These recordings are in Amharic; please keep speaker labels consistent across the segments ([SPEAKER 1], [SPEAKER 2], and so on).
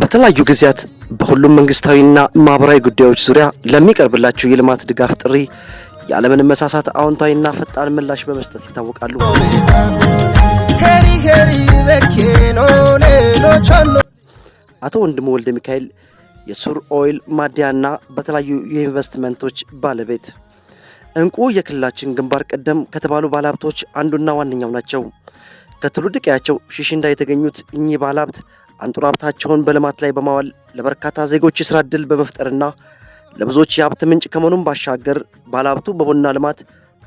[SPEAKER 1] በተለያዩ ጊዜያት በሁሉም መንግስታዊና ማህበራዊ ጉዳዮች ዙሪያ ለሚቀርብላቸው የልማት ድጋፍ ጥሪ ያለምንም መሳሳት አዎንታዊና ፈጣን ምላሽ በመስጠት ይታወቃሉ። አቶ ወንድሙ ወልደ ሚካኤል የሱር ኦይል ማዲያና በተለያዩ የኢንቨስትመንቶች ባለቤት እንቁ የክልላችን ግንባር ቀደም ከተባሉ ባለሀብቶች አንዱና ዋነኛው ናቸው። ከትውልድ ቀያቸው ሽሽንዳ የተገኙት እኚህ ባለሀብት አንጡራ ሀብታቸውን በልማት ላይ በማዋል ለበርካታ ዜጎች የስራ እድል በመፍጠርና ለብዙዎች የሀብት ምንጭ ከመሆኑም ባሻገር ባለሀብቱ በቡና ልማት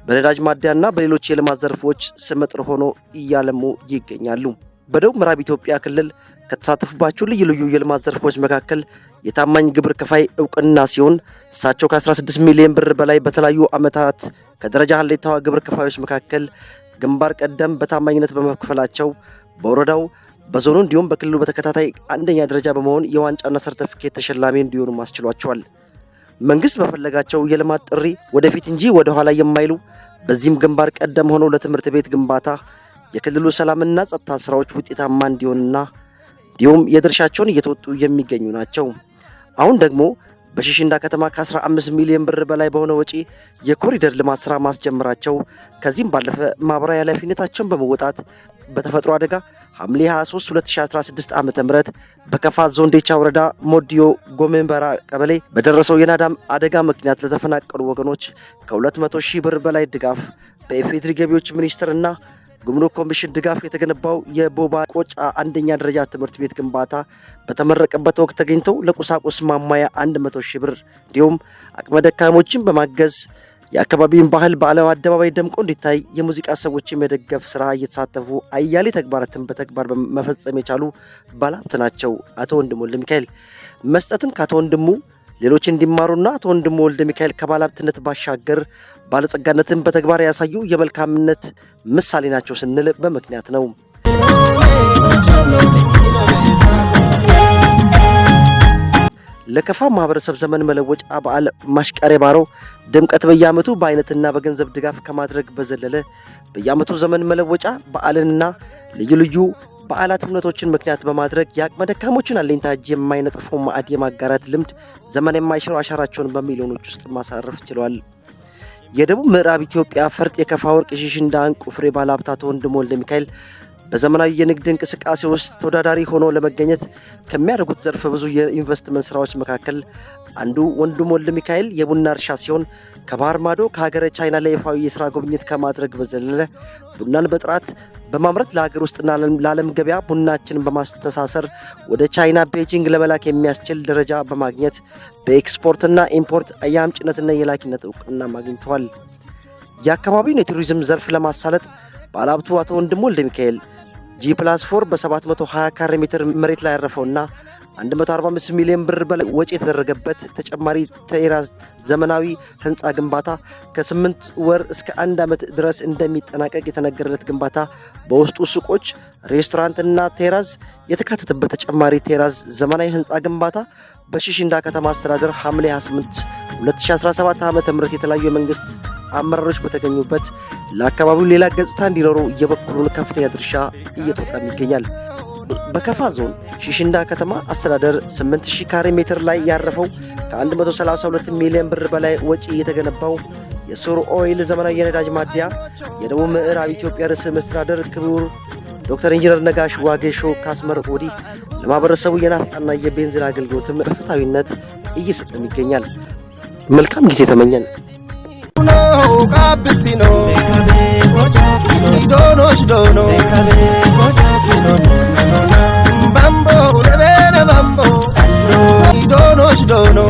[SPEAKER 1] በነዳጅ ማደያና በሌሎች የልማት ዘርፎች ስመጥር ሆኖ እያለሙ ይገኛሉ። በደቡብ ምዕራብ ኢትዮጵያ ክልል ከተሳተፉባቸው ልዩ ልዩ የልማት ዘርፎች መካከል የታማኝ ግብር ከፋይ እውቅና ሲሆን እሳቸው ከ16 ሚሊዮን ብር በላይ በተለያዩ ዓመታት ከደረጃ ሀሌታዋ ግብር ከፋዮች መካከል ግንባር ቀደም በታማኝነት በመክፈላቸው በወረዳው በዞኑ እንዲሁም በክልሉ በተከታታይ አንደኛ ደረጃ በመሆን የዋንጫና ሰርተፍኬት ተሸላሚ እንዲሆኑም አስችሏቸዋል። መንግስት በፈለጋቸው የልማት ጥሪ ወደፊት እንጂ ወደ ኋላ የማይሉ በዚህም ግንባር ቀደም ሆነው ለትምህርት ቤት ግንባታ የክልሉ ሰላምና ጸጥታ ስራዎች ውጤታማ እንዲሆንና እንዲሁም የድርሻቸውን እየተወጡ የሚገኙ ናቸው። አሁን ደግሞ በሽሽንዳ ከተማ ከ15 ሚሊዮን ብር በላይ በሆነ ወጪ የኮሪደር ልማት ስራ ማስጀመራቸው ከዚህም ባለፈ ማህበራዊ ኃላፊነታቸውን በመወጣት በተፈጥሮ አደጋ ሐምሌ 23 2016 ዓ.ም በከፋ ዞን ዴቻ ወረዳ ሞዲዮ ጎሜንበራ ቀበሌ በደረሰው የናዳም አደጋ ምክንያት ለተፈናቀሉ ወገኖች ከ200 ሺህ ብር በላይ ድጋፍ በኢፌድሪ ገቢዎች ሚኒስቴርና ጉምሩክ ኮሚሽን ድጋፍ የተገነባው የቦባ ቆጫ አንደኛ ደረጃ ትምህርት ቤት ግንባታ በተመረቀበት ወቅት ተገኝተው ለቁሳቁስ ማሟያ 100 ሺህ ብር እንዲሁም አቅመ ደካሞችን በማገዝ የአካባቢውን ባህል በዓለም አደባባይ ደምቆ እንዲታይ የሙዚቃ ሰዎችን የመደገፍ ስራ እየተሳተፉ አያሌ ተግባራትን በተግባር መፈጸም የቻሉ ባለሀብት ናቸው አቶ ወንድሙ ወልደ ሚካኤል። መስጠትን ከአቶ ወንድሙ ሌሎች እንዲማሩና አቶ ወንድሙ ወልደ ሚካኤል ከባለሀብትነት ባሻገር ባለጸጋነትን በተግባር ያሳዩ የመልካምነት ምሳሌ ናቸው ስንል በምክንያት ነው። ለከፋ ማህበረሰብ ዘመን መለወጫ በዓል ማሽቀሬ ባሮ ድምቀት በየዓመቱ በአይነትና በገንዘብ ድጋፍ ከማድረግ በዘለለ በየዓመቱ ዘመን መለወጫ በዓልንና ልዩ ልዩ በዓላት እምነቶችን ምክንያት በማድረግ የአቅመ ደካሞችን አለኝታ እጅ የማይነጥፈው ማዕድ የማጋራት ልምድ ዘመን የማይሽረው አሻራቸውን በሚሊዮኖች ውስጥ ማሳረፍ ችሏል። የደቡብ ምዕራብ ኢትዮጵያ ፈርጥ የከፋ ወርቅ ሽሽ እንዳንቁ ፍሬ ባለ ሀብታቶ ወንድሞ ወልደ ሚካኤል በዘመናዊ የንግድ እንቅስቃሴ ውስጥ ተወዳዳሪ ሆኖ ለመገኘት ከሚያደርጉት ዘርፈ ብዙ የኢንቨስትመንት ስራዎች መካከል አንዱ ወንድም ወልደ ሚካኤል የቡና እርሻ ሲሆን ከባህር ማዶ ከሀገረ ቻይና ላይ ይፋዊ የስራ ጉብኝት ከማድረግ በዘለለ ቡናን በጥራት በማምረት ለሀገር ውስጥና ለዓለም ገበያ ቡናችንን በማስተሳሰር ወደ ቻይና ቤጂንግ ለመላክ የሚያስችል ደረጃ በማግኘት በኤክስፖርትና ኢምፖርት አያም ጭነትና የላኪነት እውቅና አግኝተዋል። የአካባቢውን የቱሪዝም ዘርፍ ለማሳለጥ ባለሀብቱ አቶ ወንድም ወልደ ሚካኤል ጂ ፕላስ 4 በ720 ካሬ ሜትር መሬት ላይ ያረፈውና 145 ሚሊዮን ብር በላይ ወጪ የተደረገበት ተጨማሪ ቴራስ ዘመናዊ ህንፃ ግንባታ ከ8 ወር እስከ አንድ ዓመት ድረስ እንደሚጠናቀቅ የተነገረለት ግንባታ በውስጡ ሱቆች፣ ሬስቶራንት እና ቴራዝ የተካተተበት ተጨማሪ ቴራዝ ዘመናዊ ህንፃ ግንባታ በሽሽንዳ ከተማ አስተዳደር ሐምሌ 28 2017 ዓ ም የተለያዩ የመንግስት አመራሮች በተገኙበት ለአካባቢው ሌላ ገጽታ እንዲኖረው እየበኩሉን ከፍተኛ ድርሻ እየተወጣም ይገኛል። በከፋ ዞን ሽሽንዳ ከተማ አስተዳደር 8000 ካሬ ሜትር ላይ ያረፈው ከ132 ሚሊዮን ብር በላይ ወጪ የተገነባው የሱር ኦይል ዘመናዊ የነዳጅ ማደያ የደቡብ ምዕራብ ኢትዮጵያ ርዕሰ መስተዳደር ክቡር ዶክተር ኢንጂነር ነጋሽ ዋጌሾ ካስመረቁ ወዲህ ለማህበረሰቡ የናፍጣና የቤንዚን አገልግሎትም ፍትሐዊነት እየሰጠም ይገኛል። መልካም ጊዜ ተመኘን። Who She don't know, she don't know. Bambo, lebele bambo. She don't know, she don't know.